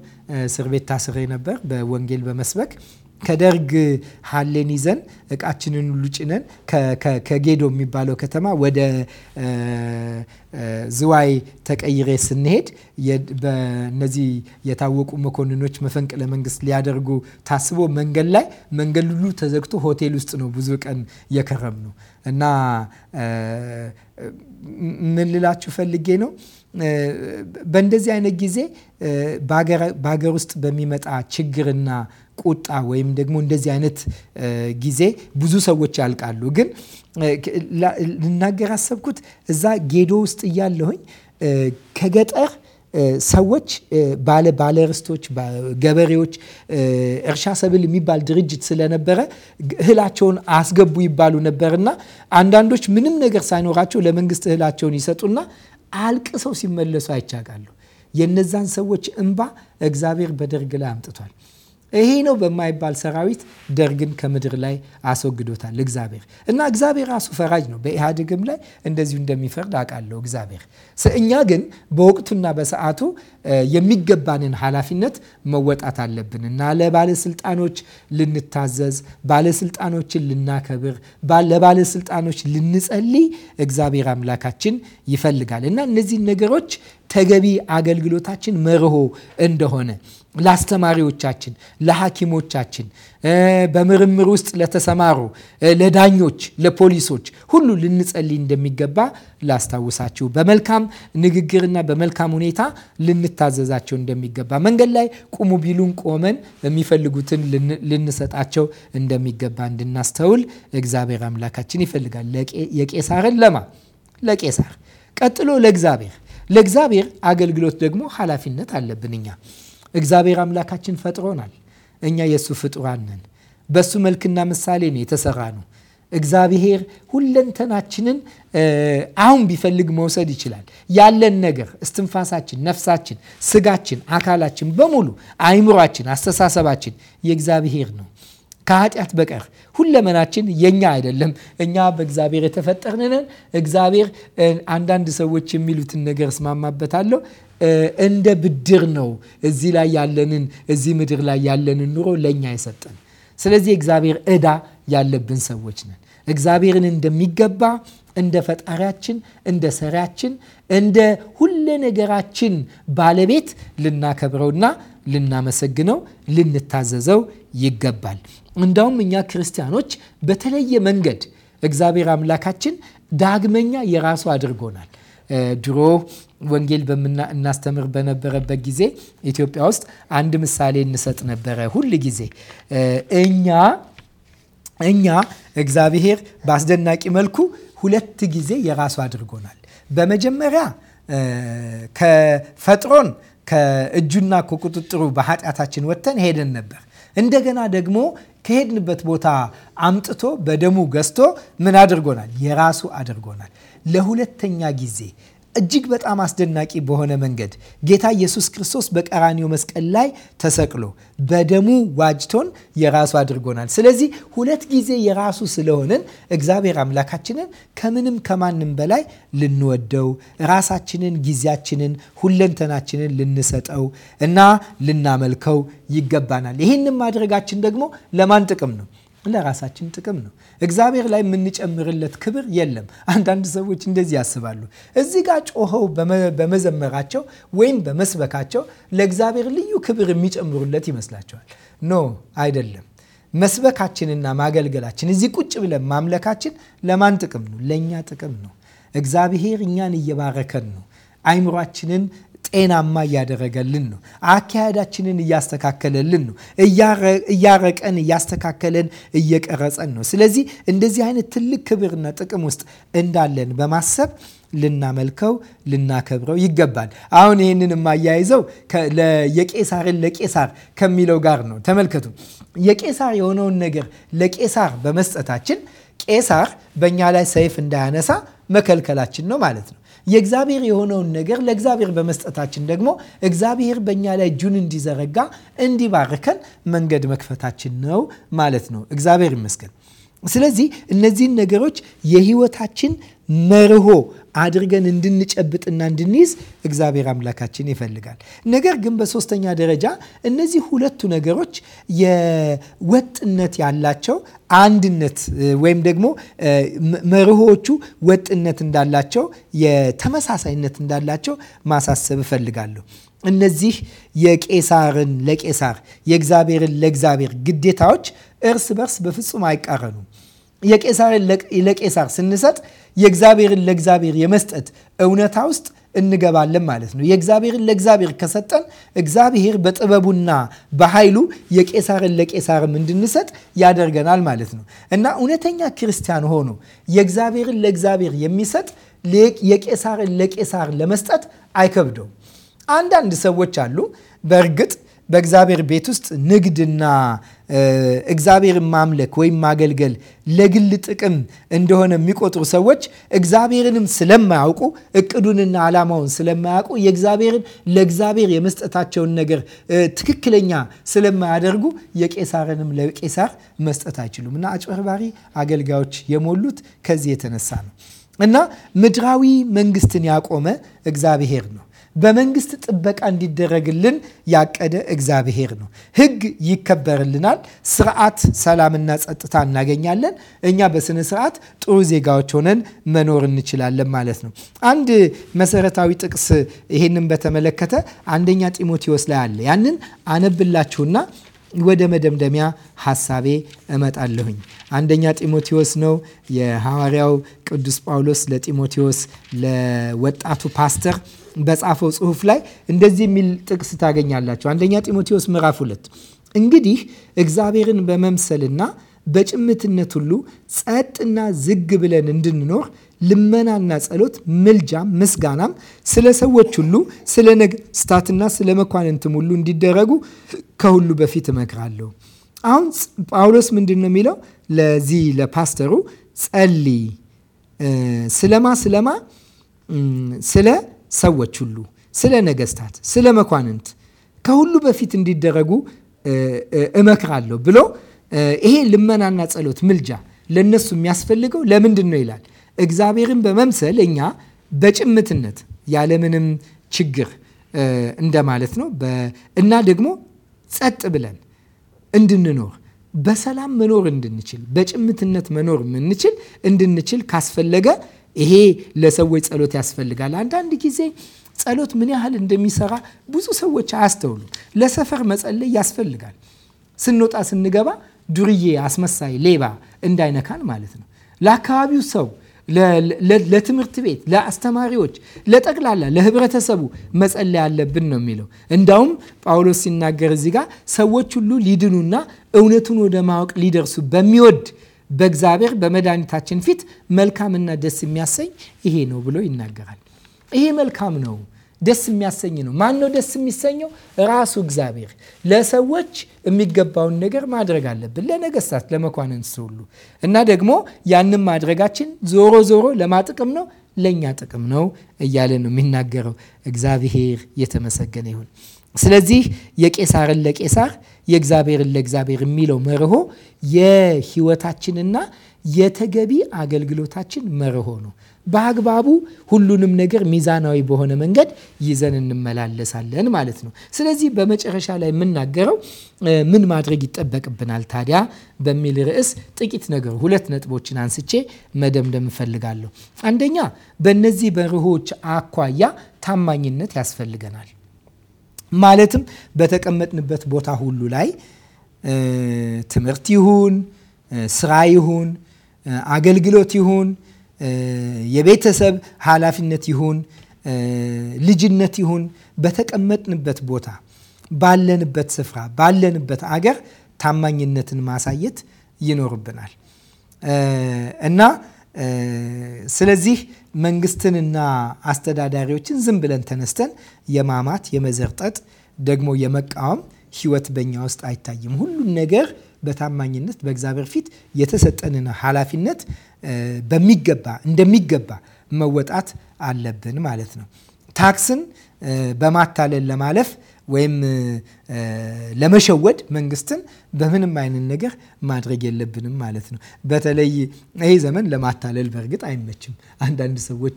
እስር ቤት ታስሬ ነበር በወንጌል በመስበክ ከደርግ ሀሌን ይዘን እቃችንን ሁሉ ጭነን ከጌዶ የሚባለው ከተማ ወደ ዝዋይ ተቀይሬ ስንሄድ በእነዚህ የታወቁ መኮንኖች መፈንቅለ መንግስት ሊያደርጉ ታስቦ መንገድ ላይ መንገድ ሁሉ ተዘግቶ ሆቴል ውስጥ ነው ብዙ ቀን የከረም ነው እና ምን ልላችሁ ፈልጌ ነው በእንደዚህ አይነት ጊዜ በሀገር ውስጥ በሚመጣ ችግርና ቁጣ ወይም ደግሞ እንደዚህ አይነት ጊዜ ብዙ ሰዎች ያልቃሉ። ግን ልናገር አሰብኩት እዛ ጌዶ ውስጥ እያለሁኝ ከገጠር ሰዎች ባለ ባለርስቶች ገበሬዎች እርሻ ሰብል የሚባል ድርጅት ስለነበረ እህላቸውን አስገቡ ይባሉ ነበርና አንዳንዶች ምንም ነገር ሳይኖራቸው ለመንግስት እህላቸውን ይሰጡና አልቅሰው ሲመለሱ አይቻቃሉ የነዛን ሰዎች እንባ እግዚአብሔር በደርግ ላይ አምጥቷል። ይሄ ነው በማይባል ሰራዊት ደርግን ከምድር ላይ አስወግዶታል እግዚአብሔር እና እግዚአብሔር ራሱ ፈራጅ ነው። በኢህአዴግም ላይ እንደዚሁ እንደሚፈርድ አውቃለሁ እግዚአብሔር። እኛ ግን በወቅቱና በሰዓቱ የሚገባንን ኃላፊነት መወጣት አለብን እና ለባለስልጣኖች ልንታዘዝ፣ ባለስልጣኖችን ልናከብር፣ ለባለስልጣኖች ልንጸልይ እግዚአብሔር አምላካችን ይፈልጋል እና እነዚህን ነገሮች ተገቢ አገልግሎታችን መርሆ እንደሆነ ለአስተማሪዎቻችን፣ ለሐኪሞቻችን፣ በምርምር ውስጥ ለተሰማሩ፣ ለዳኞች፣ ለፖሊሶች ሁሉ ልንጸልይ እንደሚገባ ላስታውሳችሁ። በመልካም ንግግርና በመልካም ሁኔታ ልንታዘዛቸው እንደሚገባ፣ መንገድ ላይ ቁሙ ቢሉን ቆመን የሚፈልጉትን ልንሰጣቸው እንደሚገባ እንድናስተውል እግዚአብሔር አምላካችን ይፈልጋል። የቄሳርን ለማ ለቄሳር፣ ቀጥሎ ለእግዚአብሔር። ለእግዚአብሔር አገልግሎት ደግሞ ኃላፊነት አለብን እኛ እግዚአብሔር አምላካችን ፈጥሮናል። እኛ የእሱ ፍጡራን ነን። በእሱ መልክና ምሳሌ ነው የተሰራ ነው። እግዚአብሔር ሁለንተናችንን አሁን ቢፈልግ መውሰድ ይችላል። ያለን ነገር እስትንፋሳችን፣ ነፍሳችን፣ ስጋችን፣ አካላችን በሙሉ አይምሯችን፣ አስተሳሰባችን የእግዚአብሔር ነው። ከኃጢአት በቀር ሁለመናችን የኛ አይደለም። እኛ በእግዚአብሔር የተፈጠርንን እግዚአብሔር አንዳንድ ሰዎች የሚሉትን ነገር እስማማበታለሁ። እንደ ብድር ነው እዚህ ላይ ያለንን እዚህ ምድር ላይ ያለንን ኑሮ ለእኛ የሰጠን። ስለዚህ እግዚአብሔር እዳ ያለብን ሰዎች ነን። እግዚአብሔርን እንደሚገባ እንደ ፈጣሪያችን፣ እንደ ሰሪያችን፣ እንደ ሁለ ነገራችን ባለቤት ልናከብረውና ልናመሰግነው ልንታዘዘው ይገባል። እንዳውም እኛ ክርስቲያኖች በተለየ መንገድ እግዚአብሔር አምላካችን ዳግመኛ የራሱ አድርጎናል። ድሮ ወንጌል እናስተምር በነበረበት ጊዜ ኢትዮጵያ ውስጥ አንድ ምሳሌ እንሰጥ ነበረ። ሁል ጊዜ እኛ እኛ እግዚአብሔር በአስደናቂ መልኩ ሁለት ጊዜ የራሱ አድርጎናል። በመጀመሪያ ከፈጥሮን ከእጁና ከቁጥጥሩ በኃጢአታችን ወጥተን ሄደን ነበር። እንደገና ደግሞ ከሄድንበት ቦታ አምጥቶ በደሙ ገዝቶ ምን አድርጎናል? የራሱ አድርጎናል። ለሁለተኛ ጊዜ እጅግ በጣም አስደናቂ በሆነ መንገድ ጌታ ኢየሱስ ክርስቶስ በቀራኒው መስቀል ላይ ተሰቅሎ በደሙ ዋጅቶን የራሱ አድርጎናል። ስለዚህ ሁለት ጊዜ የራሱ ስለሆንን እግዚአብሔር አምላካችንን ከምንም ከማንም በላይ ልንወደው፣ ራሳችንን፣ ጊዜያችንን፣ ሁለንተናችንን ልንሰጠው እና ልናመልከው ይገባናል። ይህንም ማድረጋችን ደግሞ ለማን ጥቅም ነው? ለራሳችን ጥቅም ነው። እግዚአብሔር ላይ የምንጨምርለት ክብር የለም። አንዳንድ ሰዎች እንደዚህ ያስባሉ። እዚህ ጋር ጮኸው በመዘመራቸው ወይም በመስበካቸው ለእግዚአብሔር ልዩ ክብር የሚጨምሩለት ይመስላቸዋል። ኖ አይደለም። መስበካችንና ማገልገላችን እዚህ ቁጭ ብለን ማምለካችን ለማን ጥቅም ነው? ለእኛ ጥቅም ነው። እግዚአብሔር እኛን እየባረከን ነው። አይምሯችንን ጤናማ እያደረገልን ነው። አካሄዳችንን እያስተካከለልን ነው። እያረቀን፣ እያስተካከለን፣ እየቀረጸን ነው። ስለዚህ እንደዚህ አይነት ትልቅ ክብርና ጥቅም ውስጥ እንዳለን በማሰብ ልናመልከው ልናከብረው ይገባል። አሁን ይህንን የማያይዘው የቄሳርን ለቄሳር ከሚለው ጋር ነው። ተመልከቱ፣ የቄሳር የሆነውን ነገር ለቄሳር በመስጠታችን ቄሳር በእኛ ላይ ሰይፍ እንዳያነሳ መከልከላችን ነው ማለት ነው። የእግዚአብሔር የሆነውን ነገር ለእግዚአብሔር በመስጠታችን ደግሞ እግዚአብሔር በእኛ ላይ እጁን እንዲዘረጋ እንዲባርከን መንገድ መክፈታችን ነው ማለት ነው። እግዚአብሔር ይመስገን። ስለዚህ እነዚህን ነገሮች የህይወታችን መርሆ አድርገን እንድንጨብጥና እንድንይዝ እግዚአብሔር አምላካችን ይፈልጋል። ነገር ግን በሶስተኛ ደረጃ እነዚህ ሁለቱ ነገሮች የወጥነት ያላቸው አንድነት ወይም ደግሞ መርሆቹ ወጥነት እንዳላቸው የተመሳሳይነት እንዳላቸው ማሳሰብ እፈልጋለሁ። እነዚህ የቄሳርን ለቄሳር የእግዚአብሔርን ለእግዚአብሔር ግዴታዎች እርስ በርስ በፍጹም አይቃረኑም። የቄሳርን ለቄሳር ስንሰጥ የእግዚአብሔርን ለእግዚአብሔር የመስጠት እውነታ ውስጥ እንገባለን ማለት ነው። የእግዚአብሔርን ለእግዚአብሔር ከሰጠን እግዚአብሔር በጥበቡና በኃይሉ የቄሳርን ለቄሳርም እንድንሰጥ ያደርገናል ማለት ነው እና እውነተኛ ክርስቲያን ሆኖ የእግዚአብሔርን ለእግዚአብሔር የሚሰጥ የቄሳርን ለቄሳር ለመስጠት አይከብደውም። አንዳንድ ሰዎች አሉ በእርግጥ በእግዚአብሔር ቤት ውስጥ ንግድና እግዚአብሔርን ማምለክ ወይም ማገልገል ለግል ጥቅም እንደሆነ የሚቆጥሩ ሰዎች እግዚአብሔርንም ስለማያውቁ እቅዱንና ዓላማውን ስለማያውቁ የእግዚአብሔርን ለእግዚአብሔር የመስጠታቸውን ነገር ትክክለኛ ስለማያደርጉ የቄሳርንም ለቄሳር መስጠት አይችሉም እና አጭበርባሪ አገልጋዮች የሞሉት ከዚህ የተነሳ ነው እና ምድራዊ መንግስትን ያቆመ እግዚአብሔር ነው። በመንግስት ጥበቃ እንዲደረግልን ያቀደ እግዚአብሔር ነው። ህግ ይከበርልናል። ስርዓት፣ ሰላምና ጸጥታ እናገኛለን። እኛ በስነ ስርዓት ጥሩ ዜጋዎች ሆነን መኖር እንችላለን ማለት ነው። አንድ መሰረታዊ ጥቅስ ይህንን በተመለከተ አንደኛ ጢሞቴዎስ ላይ አለ። ያንን አነብላችሁና ወደ መደምደሚያ ሀሳቤ እመጣለሁኝ። አንደኛ ጢሞቴዎስ ነው የሐዋርያው ቅዱስ ጳውሎስ ለጢሞቴዎስ ለወጣቱ ፓስተር በጻፈው ጽሑፍ ላይ እንደዚህ የሚል ጥቅስ ታገኛላቸው። አንደኛ ጢሞቴዎስ ምዕራፍ ሁለት እንግዲህ እግዚአብሔርን በመምሰልና በጭምትነት ሁሉ ጸጥና ዝግ ብለን እንድንኖር ልመናና ጸሎት፣ ምልጃም ምስጋናም ስለ ሰዎች ሁሉ ስለ ነገስታትና ስለ መኳንንትም ሁሉ እንዲደረጉ ከሁሉ በፊት እመክራለሁ። አሁን ጳውሎስ ምንድን ነው የሚለው ለዚህ ለፓስተሩ ጸልይ፣ ስለማ ስለማ ስለ ሰዎች ሁሉ ስለ ነገስታት፣ ስለ መኳንንት ከሁሉ በፊት እንዲደረጉ እመክራለሁ ብሎ ይሄ ልመናና ጸሎት ምልጃ ለእነሱ የሚያስፈልገው ለምንድን ነው ይላል። እግዚአብሔርን በመምሰል እኛ በጭምትነት ያለምንም ችግር እንደማለት ነው እና ደግሞ ጸጥ ብለን እንድንኖር በሰላም መኖር እንድንችል በጭምትነት መኖር የምንችል እንድንችል ካስፈለገ ይሄ ለሰዎች ጸሎት ያስፈልጋል። አንዳንድ ጊዜ ጸሎት ምን ያህል እንደሚሰራ ብዙ ሰዎች አያስተውሉም። ለሰፈር መጸለይ ያስፈልጋል። ስንወጣ ስንገባ ዱርዬ፣ አስመሳይ፣ ሌባ እንዳይነካን ማለት ነው። ለአካባቢው ሰው፣ ለትምህርት ቤት፣ ለአስተማሪዎች፣ ለጠቅላላ ለህብረተሰቡ መጸለይ አለብን ነው የሚለው። እንዳውም ጳውሎስ ሲናገር እዚህ ጋር ሰዎች ሁሉ ሊድኑና እውነቱን ወደ ማወቅ ሊደርሱ በሚወድ በእግዚአብሔር በመድኃኒታችን ፊት መልካምና ደስ የሚያሰኝ ይሄ ነው ብሎ ይናገራል። ይሄ መልካም ነው ደስ የሚያሰኝ ነው። ማን ነው ደስ የሚሰኘው? ራሱ እግዚአብሔር። ለሰዎች የሚገባውን ነገር ማድረግ አለብን፣ ለነገስታት፣ ለመኳንንት ሁሉ እና ደግሞ ያንም ማድረጋችን ዞሮ ዞሮ ለማጥቅም ነው፣ ለእኛ ጥቅም ነው እያለ ነው የሚናገረው። እግዚአብሔር የተመሰገነ ይሁን። ስለዚህ የቄሳርን ለቄሳር የእግዚአብሔርን ለእግዚአብሔር የሚለው መርሆ የህይወታችንና የተገቢ አገልግሎታችን መርሆ ነው። በአግባቡ ሁሉንም ነገር ሚዛናዊ በሆነ መንገድ ይዘን እንመላለሳለን ማለት ነው። ስለዚህ በመጨረሻ ላይ የምናገረው ምን ማድረግ ይጠበቅብናል ታዲያ በሚል ርዕስ ጥቂት ነገር ሁለት ነጥቦችን አንስቼ መደምደም እፈልጋለሁ። አንደኛ በእነዚህ በርሆች አኳያ ታማኝነት ያስፈልገናል። ማለትም በተቀመጥንበት ቦታ ሁሉ ላይ ትምህርት ይሁን ስራ ይሁን አገልግሎት ይሁን የቤተሰብ ኃላፊነት ይሁን ልጅነት ይሁን በተቀመጥንበት ቦታ ባለንበት ስፍራ ባለንበት አገር ታማኝነትን ማሳየት ይኖርብናል እና ስለዚህ መንግስትንና አስተዳዳሪዎችን ዝም ብለን ተነስተን የማማት የመዘርጠጥ ደግሞ የመቃወም ህይወት በኛ ውስጥ አይታይም። ሁሉን ነገር በታማኝነት በእግዚአብሔር ፊት የተሰጠንን ኃላፊነት በሚገባ እንደሚገባ መወጣት አለብን ማለት ነው። ታክስን በማታለል ለማለፍ ወይም ለመሸወድ መንግስትን በምንም አይነት ነገር ማድረግ የለብንም ማለት ነው። በተለይ ይህ ዘመን ለማታለል በእርግጥ አይመችም። አንዳንድ ሰዎች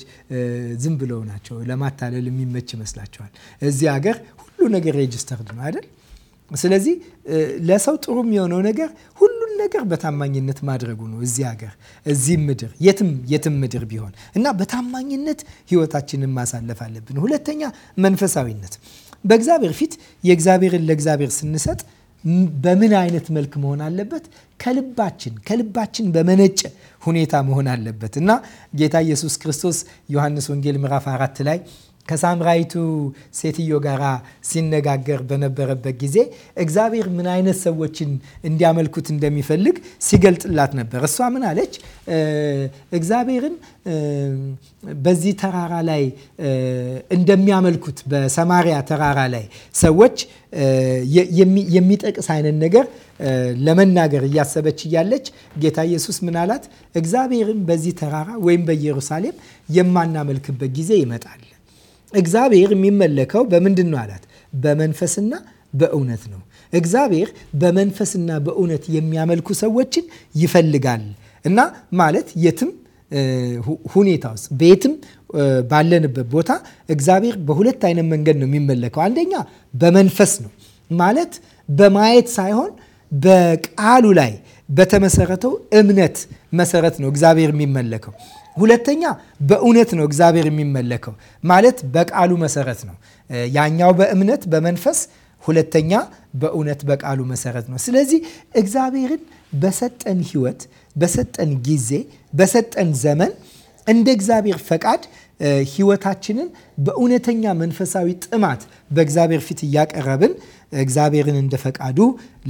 ዝም ብለው ናቸው ለማታለል የሚመች ይመስላቸዋል። እዚህ ሀገር ሁሉ ነገር ሬጅስተርድ ነው አይደል? ስለዚህ ለሰው ጥሩ የሚሆነው ነገር ሁሉ ነገር በታማኝነት ማድረጉ ነው። እዚህ ሀገር፣ እዚህ ምድር፣ የትም የትም ምድር ቢሆን እና በታማኝነት ህይወታችንን ማሳለፍ አለብን። ሁለተኛ መንፈሳዊነት በእግዚአብሔር ፊት የእግዚአብሔርን ለእግዚአብሔር ስንሰጥ በምን አይነት መልክ መሆን አለበት? ከልባችን ከልባችን በመነጨ ሁኔታ መሆን አለበት እና ጌታ ኢየሱስ ክርስቶስ ዮሐንስ ወንጌል ምዕራፍ አራት ላይ ከሳምራይቱ ሴትዮ ጋር ሲነጋገር በነበረበት ጊዜ እግዚአብሔር ምን አይነት ሰዎችን እንዲያመልኩት እንደሚፈልግ ሲገልጥላት ነበር። እሷ ምን አለች? እግዚአብሔርን በዚህ ተራራ ላይ እንደሚያመልኩት በሰማሪያ ተራራ ላይ ሰዎች የሚጠቅስ አይነት ነገር ለመናገር እያሰበች እያለች ጌታ ኢየሱስ ምን አላት? እግዚአብሔርን በዚህ ተራራ ወይም በኢየሩሳሌም የማናመልክበት ጊዜ ይመጣል እግዚአብሔር የሚመለከው በምንድን ነው አላት። በመንፈስና በእውነት ነው። እግዚአብሔር በመንፈስና በእውነት የሚያመልኩ ሰዎችን ይፈልጋል እና ማለት የትም ሁኔታ ውስጥ ቤትም ባለንበት ቦታ እግዚአብሔር በሁለት አይነት መንገድ ነው የሚመለከው። አንደኛ በመንፈስ ነው ማለት በማየት ሳይሆን በቃሉ ላይ በተመሰረተው እምነት መሰረት ነው እግዚአብሔር የሚመለከው። ሁለተኛ በእውነት ነው እግዚአብሔር የሚመለከው ማለት በቃሉ መሰረት ነው። ያኛው በእምነት በመንፈስ ሁለተኛ በእውነት በቃሉ መሰረት ነው። ስለዚህ እግዚአብሔርን በሰጠን ህይወት በሰጠን ጊዜ በሰጠን ዘመን እንደ እግዚአብሔር ፈቃድ ህይወታችንን በእውነተኛ መንፈሳዊ ጥማት በእግዚአብሔር ፊት እያቀረብን እግዚአብሔርን እንደ ፈቃዱ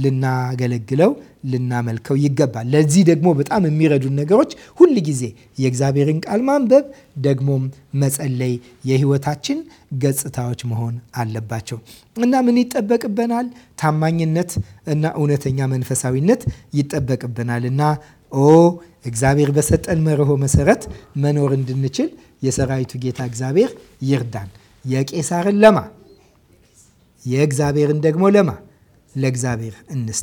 ልናገለግለው ልናመልከው ይገባል። ለዚህ ደግሞ በጣም የሚረዱን ነገሮች ሁል ጊዜ የእግዚአብሔርን ቃል ማንበብ ደግሞም መጸለይ የህይወታችን ገጽታዎች መሆን አለባቸው እና ምን ይጠበቅብናል? ታማኝነት እና እውነተኛ መንፈሳዊነት ይጠበቅብናል እና ኦ እግዚአብሔር በሰጠን መርሆ መሰረት መኖር እንድንችል የሰራዊቱ ጌታ እግዚአብሔር ይርዳን። የቄሳርን ለማ የእግዚአብሔርን ደግሞ ለማ ለእግዚአብሔር እንስጥ።